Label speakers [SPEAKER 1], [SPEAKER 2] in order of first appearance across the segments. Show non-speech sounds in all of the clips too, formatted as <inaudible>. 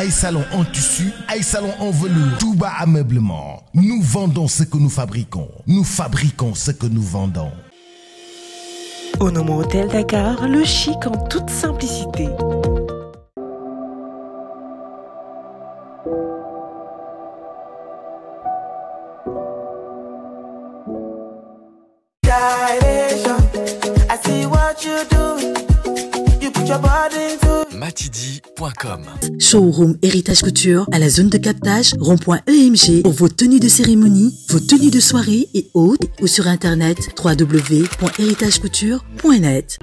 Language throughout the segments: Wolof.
[SPEAKER 1] Aïe salon en tissu Aïe salon en velours tout bas Ameublement nous vendons ce que nous fabriquons nous fabriquons ce que nous vendons
[SPEAKER 2] Au nom Hôtel Dakar le chic en toute simplicité
[SPEAKER 3] Showroom Héritage Couture à la zone de captage rond.emg pour vos tenues de cérémonie, vos tenues de soirée et autres ou sur internet www.heritagecouture.net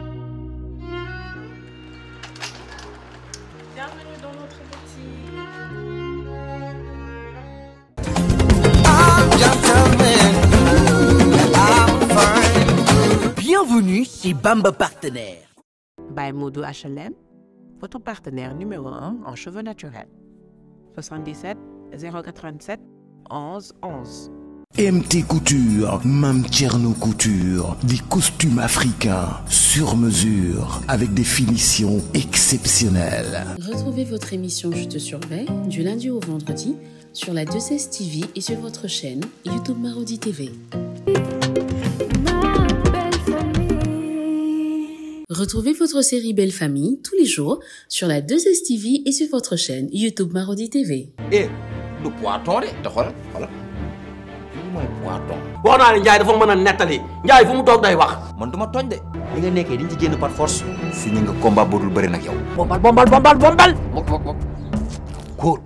[SPEAKER 2] Bienvenue chez Bamba Partenaire. By Modo HLM votre partenaire numéro 1 en cheveux naturels.
[SPEAKER 3] 77 087 11 11.
[SPEAKER 1] MT Couture, Mam Tcherno Couture, des costumes africains sur mesure avec des finitions exceptionnelles.
[SPEAKER 3] Retrouvez votre émission Je te surveille du lundi au vendredi sur la 216 TV et sur votre chaîne YouTube Marodi TV. Retrouvez votre série Belle Famille tous les jours sur la 2S et sur votre chaîne YouTube Marodi TV.
[SPEAKER 1] Eh, du poiton de, te xoolal xoolal lii mooy poiton. wax naa ne Ndiaye dafa mën a nettali Ndiaye fu mu toog day wax. man du ma tooñ de. li nga nekkee dañ ci génn par force. si ñu nga combat budul bëri nag yow. bombal bombal bombal bombal. mok mok mok.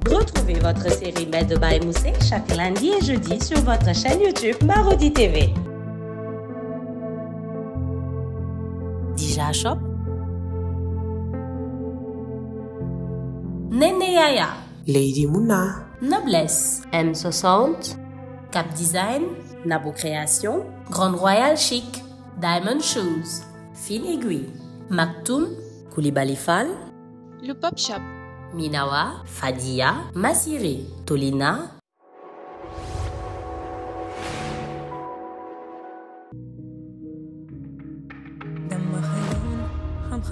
[SPEAKER 2] Retrouvez votre série Belle et Moussa chaque lundi et jeudi sur votre chaîne YouTube Marodi TV. Dija Shop, Nene Lady Muna Noblesse, M60, Cap Design, Nabo Création, Grande Royal Chic, Diamond Shoes, Fine Aiguille, Maktoum, Koulibaly Fall, Le Pop Shop, Minawa, Fadia, Masiri, Tolina,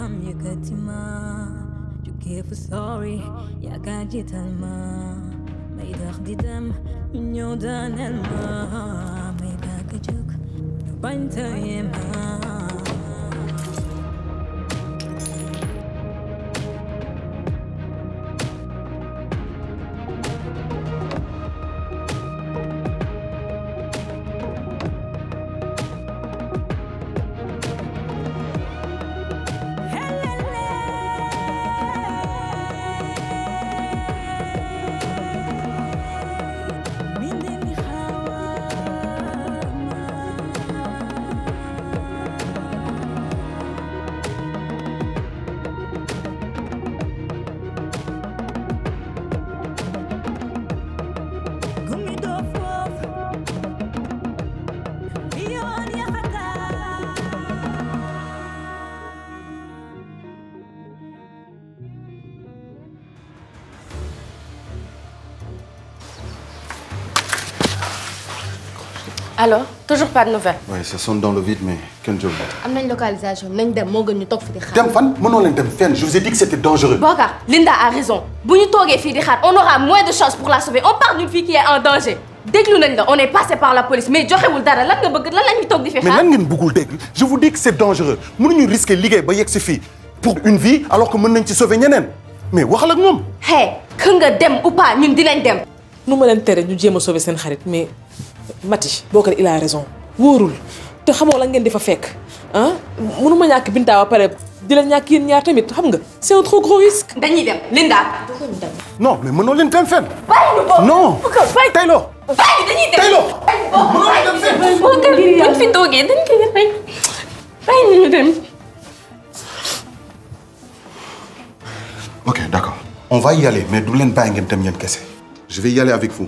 [SPEAKER 3] يكتما شو كيف صاري يا كاجي تلما ما يدخدي دم من يودان الما ما يباكي جوك بنتا يما alors toujours pas de nouvelles.
[SPEAKER 1] oui ça sonne dans le vide mais kenn jóg
[SPEAKER 3] am nañ localisation nañ dem moo gën ñu toog fi di xaar. dem
[SPEAKER 1] fan mënoo leen dem je vous ai dit que c'était dangereux.
[SPEAKER 3] Bocar Linda a raison bu ñu toogee fii di xaar on aura moins de chance pour la sauver on parle d'une fille qui est en danger déglu nañ la on est passé par la police mais joxewul dara lan nga bëgg lan la ñuy toog di fi xaar. mais lan ngeen
[SPEAKER 1] bëggul dégg je vous dis que c'est dangereux mënuñu risqué liggéey ba yegg si fii pour une vie alors que mën nañ ci sauver ñeneen mais waxal ak Hé, hey que
[SPEAKER 3] nga dem ou pas ñun dinañ dem. nu ma leen tere ñu sauver seen xarit mais Mati Bocar il a raison wóorul te xamoo la ngeen di fa fekk ah mënuma ñàkk Binta ba pare di la ñàkk yéen ñaar tamit xam nga c'est un trop gros risque. dañuy dem Linda. non mais mënoo leen dem fenn. non bàyyi. Taylo bàyyi dañuy dem Taylo. mënoo leen dem fenn. Bocar buñ fi toogee dañ koy def bàyyi ñu dem.
[SPEAKER 1] ok d'accord on va y aller mais du leen bàyyi ngeen dem ñen kessé je vais y aller avec vous.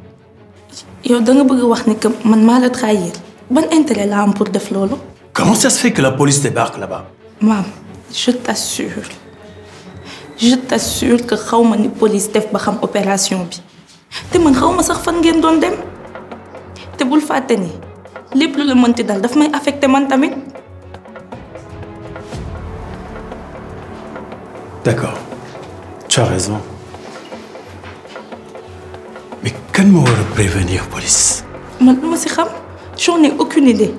[SPEAKER 3] Yo, da nga bëgg wax ni que man maa la trahir Quel intérêt laa am pour def ça..?
[SPEAKER 1] comment ça se fait que la police débarque là-bas.
[SPEAKER 3] maam je t'assure je t'assure que xaw ma ni police def ba xam opération bi te man xaw ma sax fan ngeen doon dem te bul fàtte ni lépp lu la mënti dal daf may affecté man tamit.
[SPEAKER 1] d'accord tu as raison. kan ma war prévenir police.
[SPEAKER 3] Maintenant, je Kham. Je j'en ai aucune idée.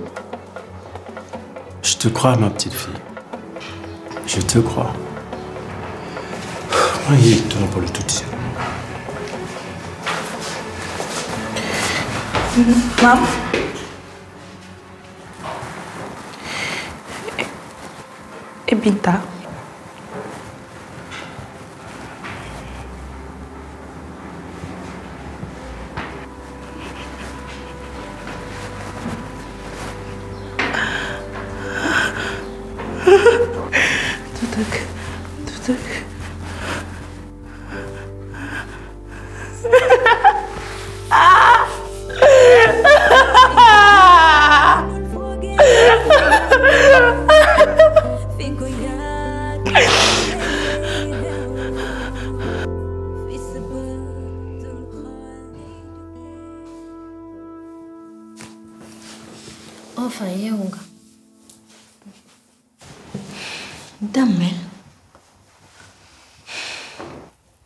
[SPEAKER 1] je te crois ma petite fille je te crois maa ngi tout de suite.
[SPEAKER 2] Maman..!
[SPEAKER 3] Et Binta.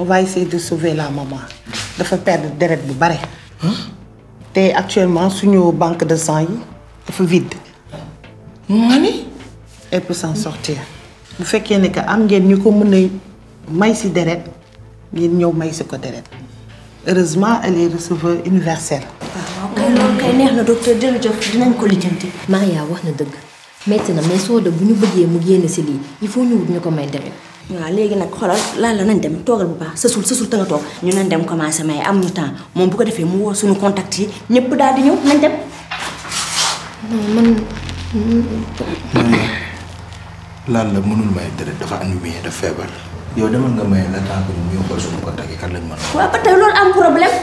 [SPEAKER 1] on va essayer de sauver la maman faire perdre deret bu bare te actuellement suñu banque de sang yi dafa vide
[SPEAKER 3] ma elle peut s'en sortir bu fekkee ne que am ngeen ñu ko mën a
[SPEAKER 2] may si deret ngeen ñëw may si ko heureusement elle est receveur universelle ah,
[SPEAKER 3] kay loolu kay neex na docteur jërëjëf dinañ ko lijjanti Maria wax na dëgg metti na mais de bu ñu mu génn si lii il faut ñu wut comme ko may léegi
[SPEAKER 4] nag xoolal lan la nañ dem toogal bu baax sesul sësul te nga toog ñu nañ dem commencé may am ñu temps moom bu ko defee
[SPEAKER 2] mu woo suñu contact yi ñëpp daal di ñëw nañ dem non
[SPEAKER 1] man lan la mënul may dara dafa anémie dafa feebar yow demal nga may la temps que ñu xool suñu contact yi kan lañ mën
[SPEAKER 3] waaw ba tey loolu am problème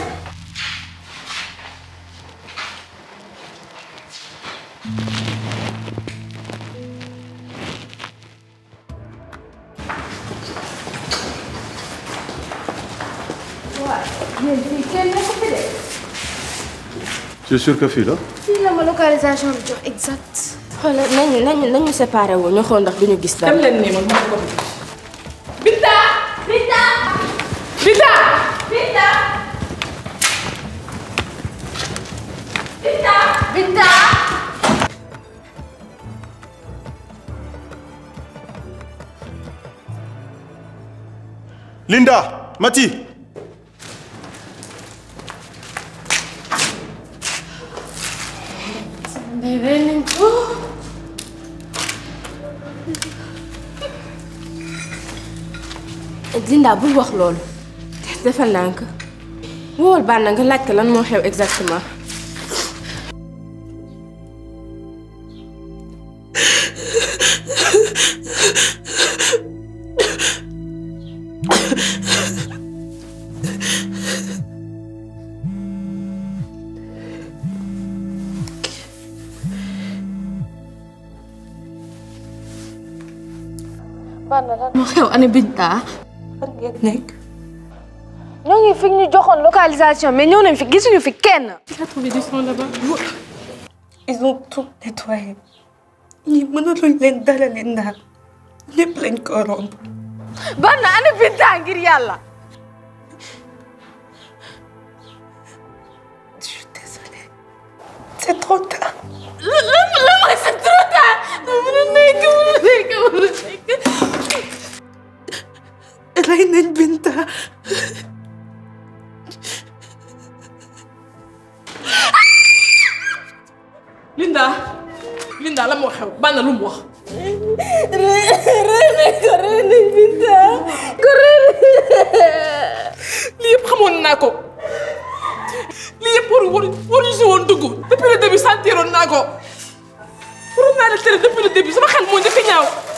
[SPEAKER 3] tu es sûr que là..? la. là ma localisation exact. Nous sommes non, non, séparé ñu non, ndax
[SPEAKER 1] Linda. Mati.
[SPEAKER 3] بول واخ لول دافال نانك وول بان نانك لاك لان مو خيو اكزاكتومون بانا انا بنتها Nous avons fait une localisation mais nous nañ fi une il trouvé du sang là-bas. ils ont tout nettoyé. Ils ont tout nettoyé. Ils ont tout nettoyé. Ils ont tout Ils ont tout je suis désolée. c'est trop tard. tard. c'est trop tard. رين البنت ليندا ليندا لا موخو بانا لم موخ رين رين البنت كريني لي بخمون ناكو لي بور بور يسون دغو depuis le début سانتيرون ناكو nako pour na le tere سما خال مو sama xel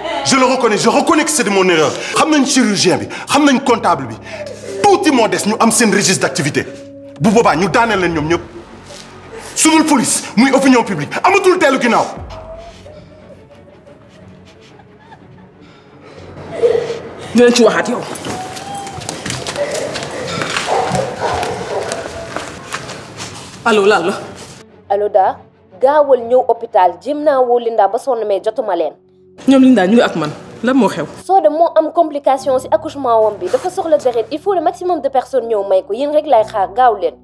[SPEAKER 1] je le reconnais je reconnais que c'est de mon erreur xam nañ chirurgien bi xam comptable bi tuuti moo des ñu am registre d'activité bu boobaa ñu daaneel leen ñoom ñëpp sudul police muy opinion publique amatul teelu ginnaaw
[SPEAKER 3] dinañ ci waxaat Allô allo là. allo Da gaawal ñeu hôpital jéem naa Linda ba sonu mais jotuma leen ñoom linda ñu ak man lan mo xew. so de mo am complication ci accouchement wam bi dafa soxla deret il faut le maximum de personnes ñëw may ko yeen rek lay xaar gaaw leen.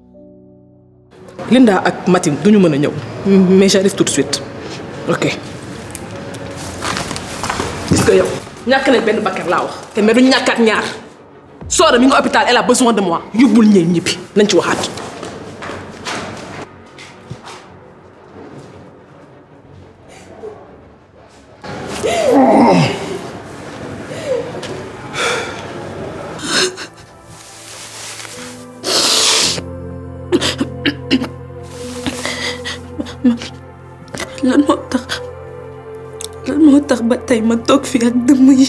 [SPEAKER 3] Linda ak Matin duñu mëna a mhm. mais j'arrive tout de suite ok. gis nga yow ñàkk nañ benn bakkar laa wax te mais duñ ñàkkaat ñaar Soda mi ngi hôpital elle a besoin de moi yóbbul ñeen ñibbi nañ ci waxaat. Федмой.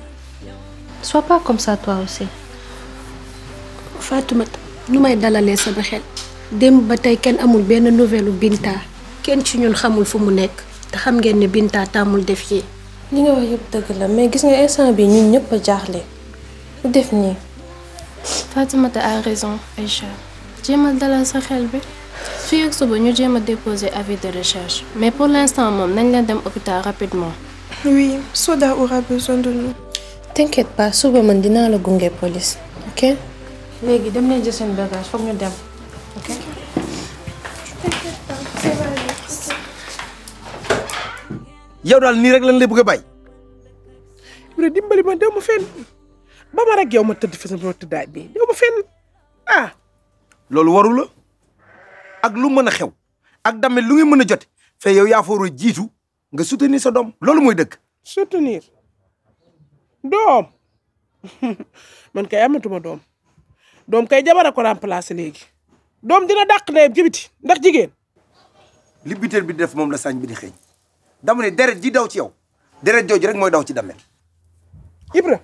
[SPEAKER 3] sois pas comme ça toi aussi. Fatoumata nous sama xel ba amul nouvelle Binta Ken ci ñun xamul fu mu nekk xam ngeen ne Binta tàmmul def la li nga wax la mais gis nga instant bi ñun a Fatoumata a raison Aisha. je mal dalal la xel bi. ak déposer avis de recherche mais pour l'instant nous nañ aller hôpital rapidement. oui Soda aura besoin de nous. t'inquiète pas suba man dinaa la gunge police ok. léegi dem nañ jël seen bagage foog ñu dem ok.
[SPEAKER 1] daal nii rek lan lay bëgg a bàyyi. Ibra dimbali ma de ma fenn ba ma rek ma tëdd fi sama tëddaay bi dew ma fenn ah. loolu warula ak lu mën a xew ak damit lu ngi mën a jot fee yow yaa jiitu nga soutenir sa doom loolu mooy dëkk soutenir. doom <laughs> man kay amatuma doom doom kay jabara ko remplacer léegi doom dina daq ndeyam ci ndax jigéen li butéel bi def moom la sañ bi di xëeñ dama ne deret ji daw ci yow deret jooju rek mooy daw ci damel Ibra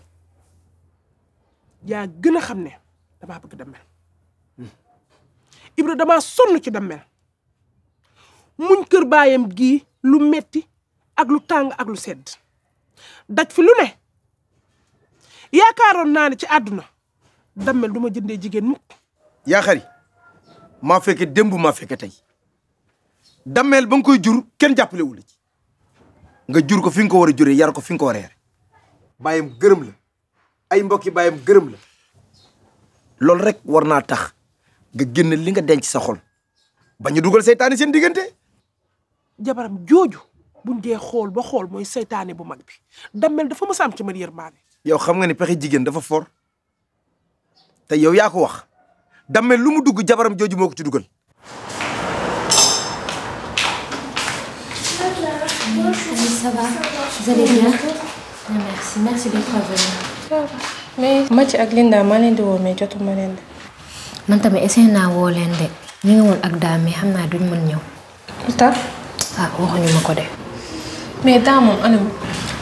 [SPEAKER 1] yaa gën a xam ne damaa bëgg damel Ibra damaa sonn ci damel muñ kër baayam gii lu metti ak lu tàng ak lu sedd daj fi lu ne yaakaaroon naa ne ci àdduna dammel du ma jëndee jigéen mukk yaa maa fekke dembu maa fekke tey dammel ba nga koy jur kenn jàppale wu la ci nga jur ko fi nga ko war a juree yar ko fi nga ko war a gërëm la ay mbokki bàyyam gërëm la loolu rek war naa tax nga génn li nga denc sa xol bañu dugal seytaane seen diggante jabaram jooju buñ dee xool ba xool mooy seytaane bu mag bi dammel dafa mësa am ci man yërmaane yow xam nga ni pexe jigéen dafa for te yow yaa ko wax dammel lu mu dugg jabaram jooju moo ko ci dugal.
[SPEAKER 3] ça va vous allez ak Linda maa leen di woo mais jotuma leen de. man tamit essayé naa woo leen de ñu ngi woon ak daam mais xam naa duñ mën ñëw. lu tax. Ah, waxuñu ma ko de. mais daa moom anam.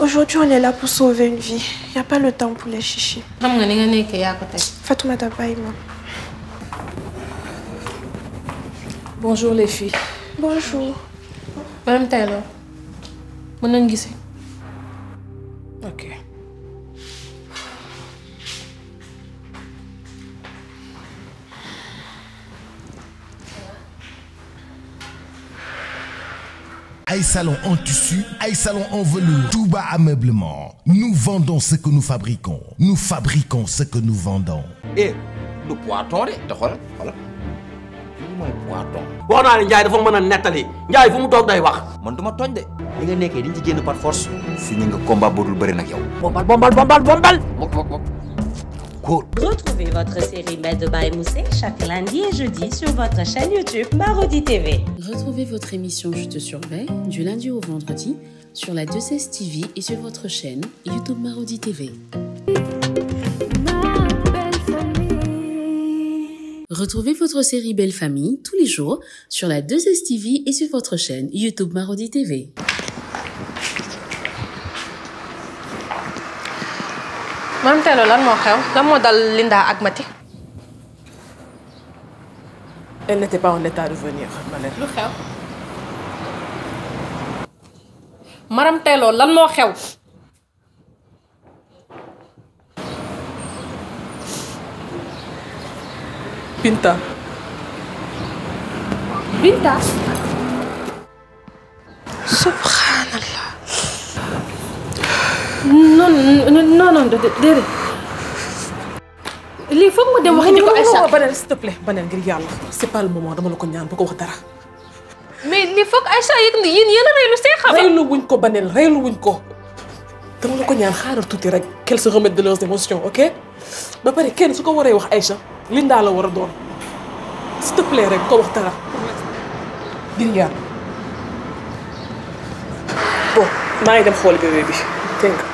[SPEAKER 3] Aujourd'hui, on est là pour sauver une vie. Il n'y a pas le temps pour les chichis. Fatouma Dabaïma. Bonjour les filles. Bonjour. Madame Taylor, mon nom est
[SPEAKER 1] Aïe salon en tissu Aïe salon en velours tout bas Ameublement nous vendons ce que nous fabriquons nous fabriquons ce que nous vendons eh le poiton de eh, te xoolal xoolal lii mooy poiton wax naa ne Ndiaye dafa mën a nettali a fu mu toog day wax man du ma tooñ de li nga nekkee dañ ci génn par force si ñu nga combat boodul bëri nag yow bombal bombal bombal bombal
[SPEAKER 2] mok mok Retrouvez votre série Belle de moussé chaque lundi et jeudi sur votre chaîne YouTube Marodi TV.
[SPEAKER 3] Retrouvez votre émission Je te surveille du lundi au vendredi sur la 2 TV et sur votre chaîne YouTube Marodi TV. Retrouvez votre série Belle Famille tous les jours sur la 2 TV et sur votre chaîne YouTube Marodi TV. Madame Tello, lan moo xew lan de dal Linda ak elle n'était pas en état de venir Malène. lu xew. maram Thélo lan Pinta. Pinta. Souffre. non non non déedéet. lii foog ma dem wax ñu ko Aïcha banal s'il te plaît banal ngir yàlla c'est pas le moment dama la ko ñaan bu ko wax dara. mais lii foog Aïcha yëg ni yéen yéen a reylu seen xabaar. reylu wuñ ko banal reylu wuñ ko. dama la ko ñaan xaaral tuuti rek qu'elle se remette de leurs émotions ok ba pare kenn su ko waree wax Aïcha Linda la war a doon s'il te plaît rek ko wax dara. ngir yàlla. bon maa ngi dem xool bébé bi dégg nga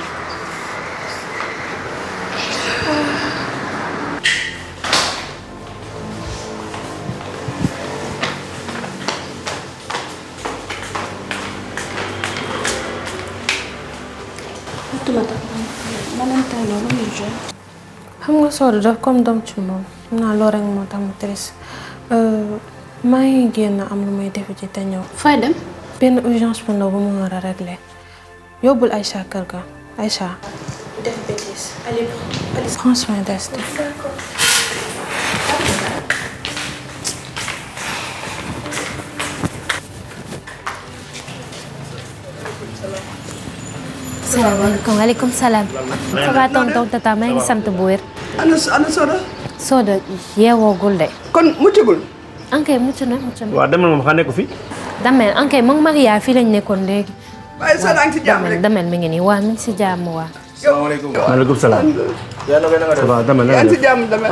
[SPEAKER 3] loolu muy jeex. xam nga soo def comme doom ci moom xam naa loolu rek moo tax mu triste euh, maa génn am lu may def ci te ñëw. fay benn urgence bu ndaw bu mu war a régler yóbbul Aïcha kër ga Aïcha. def bêtise Aliou. Assalamualaikum Waalaikumsalam. وعليكم tong فبا tonton tata ma ngi sant buwer ana ana soda soda yewo gol de kon muccugul ankay muccu na eh, muccu wa
[SPEAKER 1] demal mo xane ko fi
[SPEAKER 3] damel ankay mo maria ya, fi lañ nekkon legi bay sa dang ci jamm rek damel mi ngi ni wa mi ci jamm wa
[SPEAKER 1] Assalamualaikum. Waalaikumsalam.
[SPEAKER 4] Ya no gëna nga def. damel. Yaa ci jamm damel.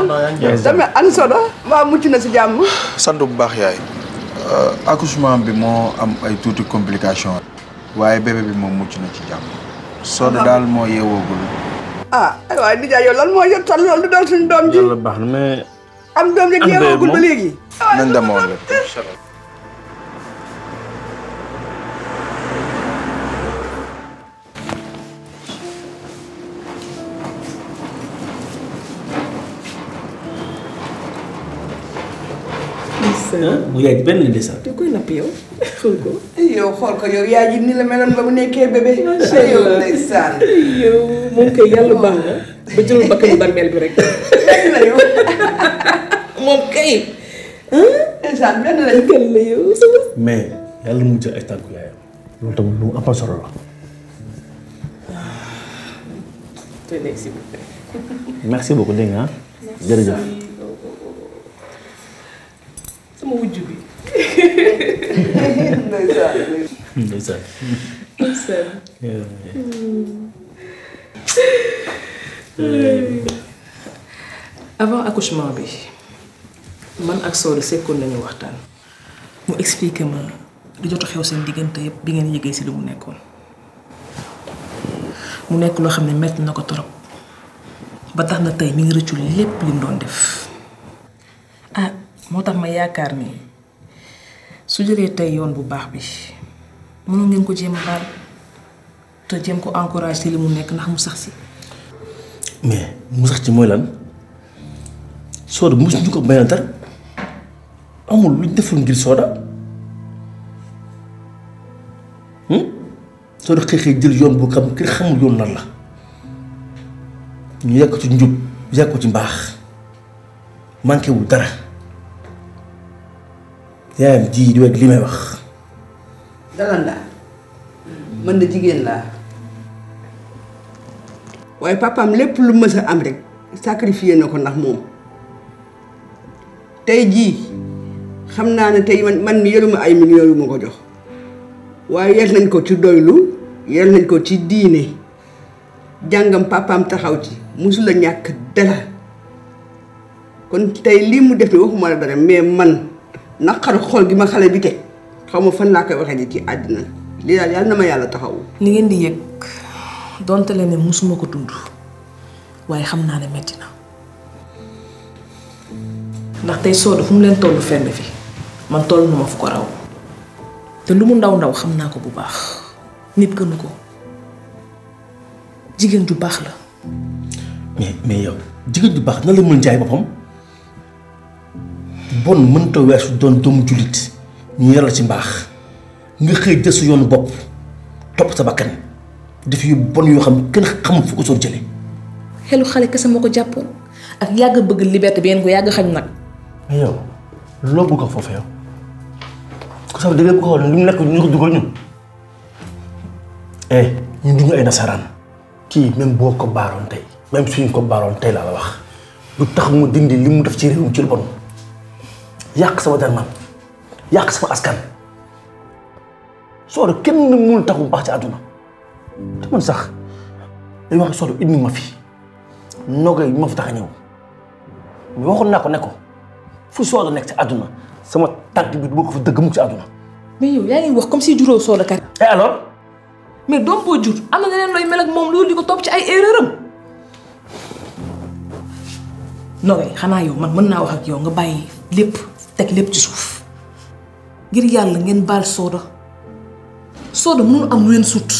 [SPEAKER 4] Damel an soda wa muccu na ci jamm. Santu bu baax yaay.
[SPEAKER 1] Eh, accouchement bi mo am ay touti complication
[SPEAKER 4] waye bébé bi mo mucc na ci jamm Soda daal moo yeewoogul. ah aywa nijaay yow lan moo yor tal loolu du doon suñu doom ji. loolu baax na mais. am doom rek yeewoogul ba léegi.
[SPEAKER 1] nañ demoon rek mu yaay ji benn desal
[SPEAKER 4] da yo napp yo xool ko yow xool ko yow yaay ni la meloon ba mu nekkee bébé yo ndeysaan yo moom kay yàlla baax na ba
[SPEAKER 3] eh? jëlul bakkanu bàmmeel bi rek la yow
[SPEAKER 4] moom kay ndeysaan benn la kan la yo
[SPEAKER 1] mais yàlla mu jël ay tànku yaayam loolu tamit lu am solo la ah.
[SPEAKER 3] tenez s'il vous plaît
[SPEAKER 1] merci beaucoup dégg nga
[SPEAKER 3] sama wujj bi. Hmm. avant accouchement bi man ak Sori sekkoon nañu waxtaan mu expliqué ma jot xew seen diggante yëpp bi ngeen yëgee si li mu nekkoon mu nekk loo xam ne metti na ko torop ba tax na tey mi ngi rëccul lépp li mu doon def ah, moo tax ma yaakaar ni su jëlee tey yoon bu baax bi mënu ngeen ko jéem a te jéem ko encourage si li mu nekk ndax mu sax si.
[SPEAKER 1] mais mu sax ci mooy lan sooda mu ñu ko bañal dara amul luñ deful ngir sooda hmm? sooda xëy jël yoon bu xam kër xamul yoon nan la ñu yàq ci njub yàq ko ci mbaax manqué wul dara. yaayam ji di wegg li may wax
[SPEAKER 4] dalanda man de jigéen laa waaye papaam lépp lu mës am rek sacrifié na ko ndax moom tey jii xam naa ne tey man man mi yeluma ay min yu ma ko jox waaye yel nañ ko ci doylu yel nañ ko ci diine jàngam papaam taxaw ci musula ñàkk dara kon tey lii mu def ni waxuma oh, dara mais man نقر خلق ما خلي بيته خامو فن لك وغني تي أدنى ليا ليال نما يالا تهاو
[SPEAKER 3] نين ديك دونت لين موسم كتود واي خم نانة متنا نحتاج صور هم لين تول فين في ما تول نما فكراو تلو من داون داو خم ناكو بباخ نيب كنوكو جيجن دو باخ لا
[SPEAKER 1] مي مي يا جيجن دو باخ نالي من جاي بفهم bon mënta weesu doon dum julit ñu yaral ci mbax nga xey jël sa yoonu bopp sa bakkan def yu bon yu xam kenn xam fu ko so jele
[SPEAKER 3] xelu xale kessa moko jappon ak yag bëgg liberté bi ngeen ko yag xagn nak
[SPEAKER 1] mais lo bu ko fofé ko sa dëgg ko lu nekk ñu ko dugal ñun eh du duñu ay nasaran ki même boko baron tay même suñ ko baron tay la wax lu tax mu dindi limu def ci réewum ci lu bon yàq sama der man yàq sama askan soor kenn mu tax bax ci aduna te man sax day wax soor indi ma fi nogay ma fa tax a ñëw nako neko fu soor nek ci aduna sama tànk bi bu ko fa deug mu ci aduna
[SPEAKER 3] mi yow yaangi wax comme si
[SPEAKER 1] juro soor kat. et alors.
[SPEAKER 3] mais dom bo jur am na leneen loy mel ak mom loolu diko top ci ay erreur nogay xana yow man mën naa wax ak yow nga baye lépp. teg lépp ci suuf ngir yàlla ngeen baal sooda sooda mënul am lu leen sut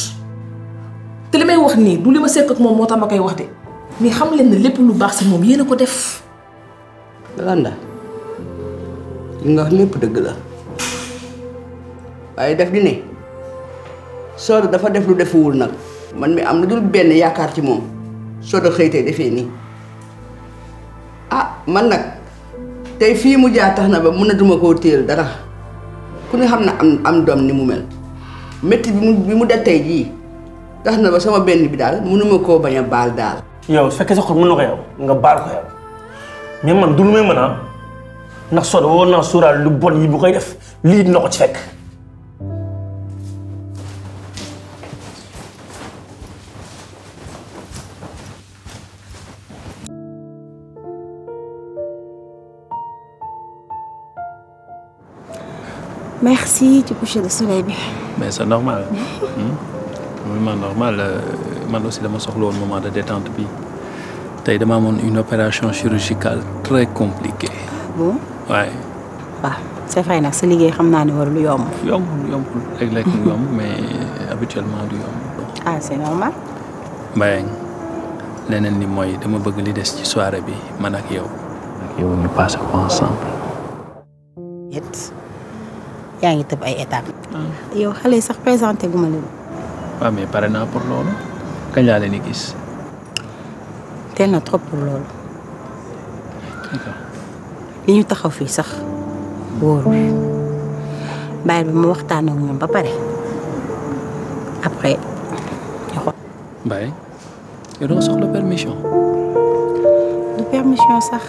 [SPEAKER 3] te li may wax nii du li ma set ak moom moo tax ma koy wax de mais xam leen ne lépp lu baax si moom yéen ko def. Yolanda
[SPEAKER 4] li nga wax lépp dëgg la waaye def di ne sooda dafa def lu defuwul nag man mi am na dul benn yaakaar ci moom sooda xëy tey defee nii ah man nag. tey fii mu jaar tax na ba mënatuma koo téyel dara ku ne xam na am am doom ni mu mel métti bi mu bi mu def tey jii tax na ba sama benn bi daal mënuma koo bañ a baal daal.
[SPEAKER 1] yow su fekkee sa ko mën na ko yow nga baal ko yow mais man du lu may mën a ndax soo woon naa suuraal lu bon yi bu koy def lii dina ko ci fekk.
[SPEAKER 2] merci de coucher de soleil bi.
[SPEAKER 1] mais c'est normal. Hmm? vraiment normal euh, man aussi dama soxla un moment de détente bi tey dama amoon une opération chirurgicale très compliquée. bon Ouais.
[SPEAKER 2] Bah, c'est vrai nag sa liggéey xam naa ne war lu yomb. yombul yombul léeg mais habituellement du yomb. ah c'est normal. Ben, leneen li mooy
[SPEAKER 1] dama bëgg li des ci soirée bi man ak yow. ak yow ñu passé ensemble.
[SPEAKER 2] yaa ngi tëb ay étape ah. yow xale yi sax présenté gu ma leen.
[SPEAKER 1] waaw mais pare naa pour loolu kañ laa di gis.
[SPEAKER 2] teel na trop pour loolu. li ñu taxaw fii sax wóorul bi ma waxtaan ak ñoom ba pare après
[SPEAKER 3] ñu xool. Mbaye
[SPEAKER 2] yow doo soxla permission. du sax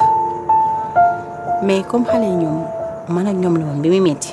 [SPEAKER 2] mais comme xale ñoom man ak ñoom la woon bi muy métti.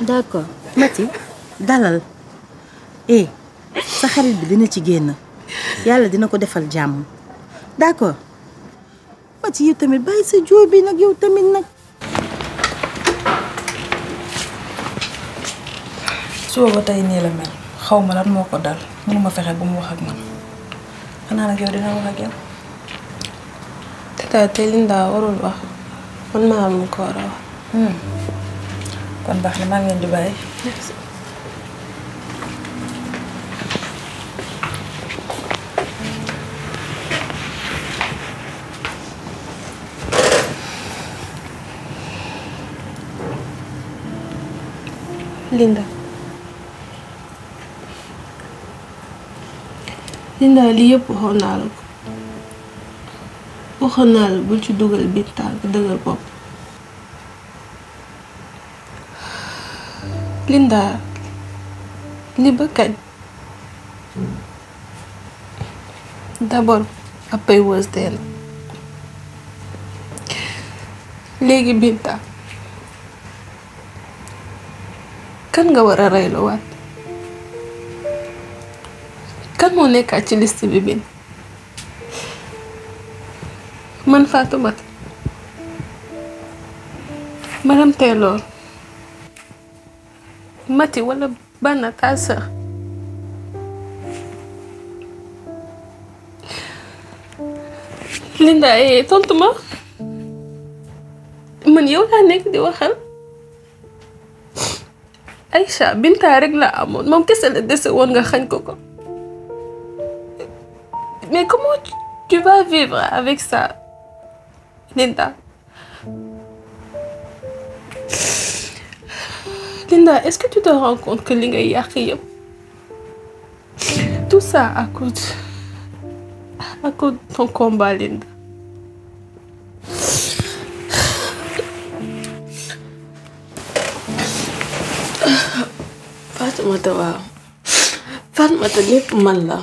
[SPEAKER 2] d'accord Mati dalal eh sa xarit bi dina ci génn yàlla dina ko defal jàmm d'accord Mati yow tamit bàyyi sa joo bi nag yow tamit nag. suba
[SPEAKER 3] ba tey nii la mel xaw ma lan moo ko dal mënuma fexe ba mu wax ak man xanaa nag yow dina wax ak yow. te tey Linda warul wax man maa am ko war a wax. Hmm. kon baax na maa ngi Linda Linda lii yëpp waxoon naa la ko bul ci dugal biir taal dëgër bopp Linda, ni ba kañ d'abord après Wednesday la léegi Binta kan nga war a reyluwaat kan moo nekkaat ci liste bi bin man Fatoumata ma dem Mati wala Bana ta Linda eh, tontu ma man yow la nek di waxal Aïcha Binta rek la amoon moom kese la nga xagn koko. mais comment tu vas vivre avec ça Linda. Linda, est-ce que tu te rends compte que Linga y yàq tout ça à cause a à ton combat Linda Fatoumata waaw moi lépp man là.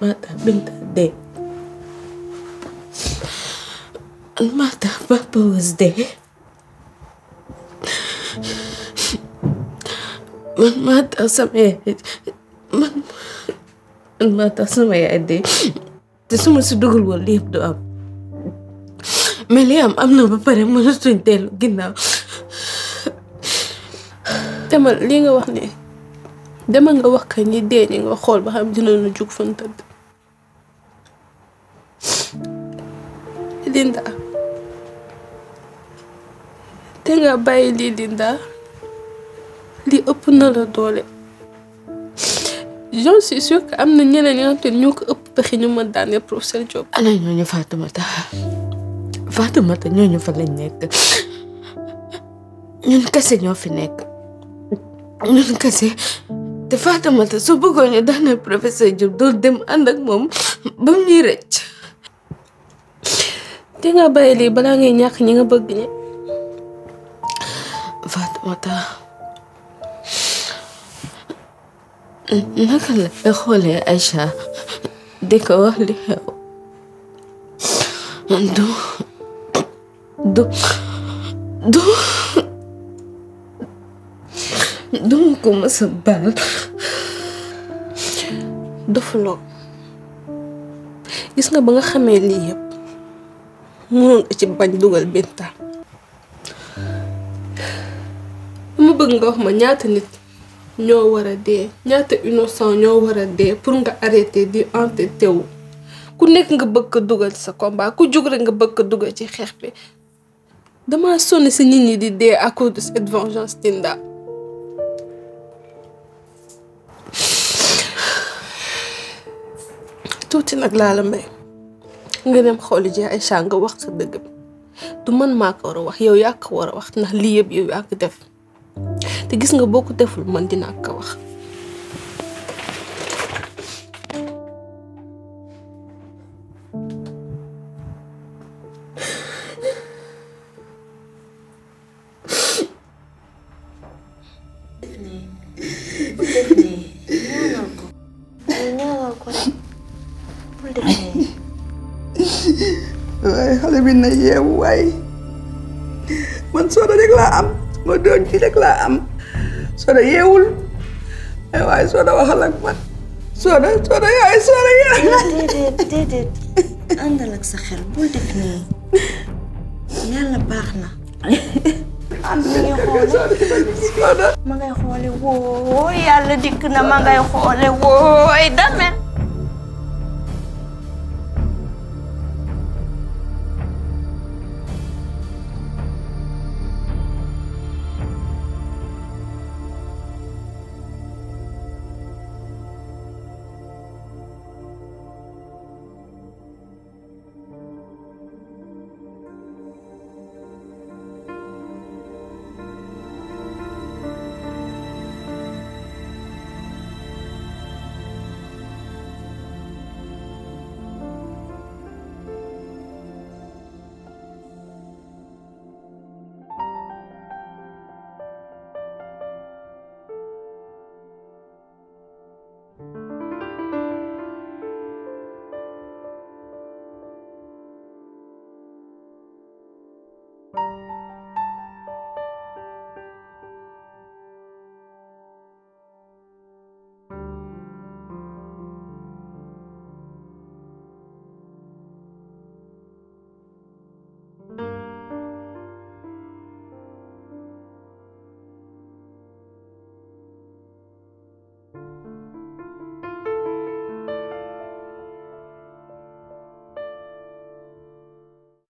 [SPEAKER 3] Mata Binta dee Mata papa was dee ما تقسم ايه ما تسمعي يا ادي تسمى صدق الولي بدو مليام امنا ببرم منسو انتلو جنا تما ليغا وخني دما nga wax ka ñi dee ñi nga xool ba Linda te nga Linda li ëpp na la doole j'en suis sûre que am na ñeneen ñi nga xam te ñoo ko ëpp pexe ñu ma daanee professeur Diop. ana ñooñu Fatoumata Fatoumata ñooñu fa lañ nekk ñun kase ñoo fi nekk ñun kese te Fatoumata su bëggoon ñu daanee professeur Diop doo dem ànd ak moom ba mu ñuy rëcc. te nga bàyyi lii balaa ngay ñàkk ñi nga bëgg ñi نقل لخولي أشا ديك أهلي دو دو دو دوكم سبان dofuloo gis nga ba nga xamee lii yëpp mënoon ci bañ dugal Binta mu bëgg nga wax ma ñaata nit ñoo war a dee ñaata innocent ñoo war a dee pour nga arrêté di entêté wu ku nekk nga bëgg dugal sa combat ku jug nga bëgg dugal ci xeex bi dama sonn si nit ñi di dee à cause de cette vengeance Tinda tuuti nag laa la may nga dem xooli ji Aïcha nga wax sa dëgg bi du man maa ko war a wax yow yaa war a wax ndax lii yëpp yow yaa def te gis nga boo ko deful man dinaa ko wax.
[SPEAKER 4] waaye xale bi na yeewu waaye man soo rek laa am ma doon ci rek laa am Soda yeewul ay waaye Soda waxal ak man Soda Soda yaay Soda yaay.
[SPEAKER 3] déedéet déedéet àndal ak sa xel bul def nii yàlla baax na. ànd
[SPEAKER 4] nañu xoole Soda.
[SPEAKER 2] ma ngay xoole wooy yàlla dikk na ma ngay xoole wooy dame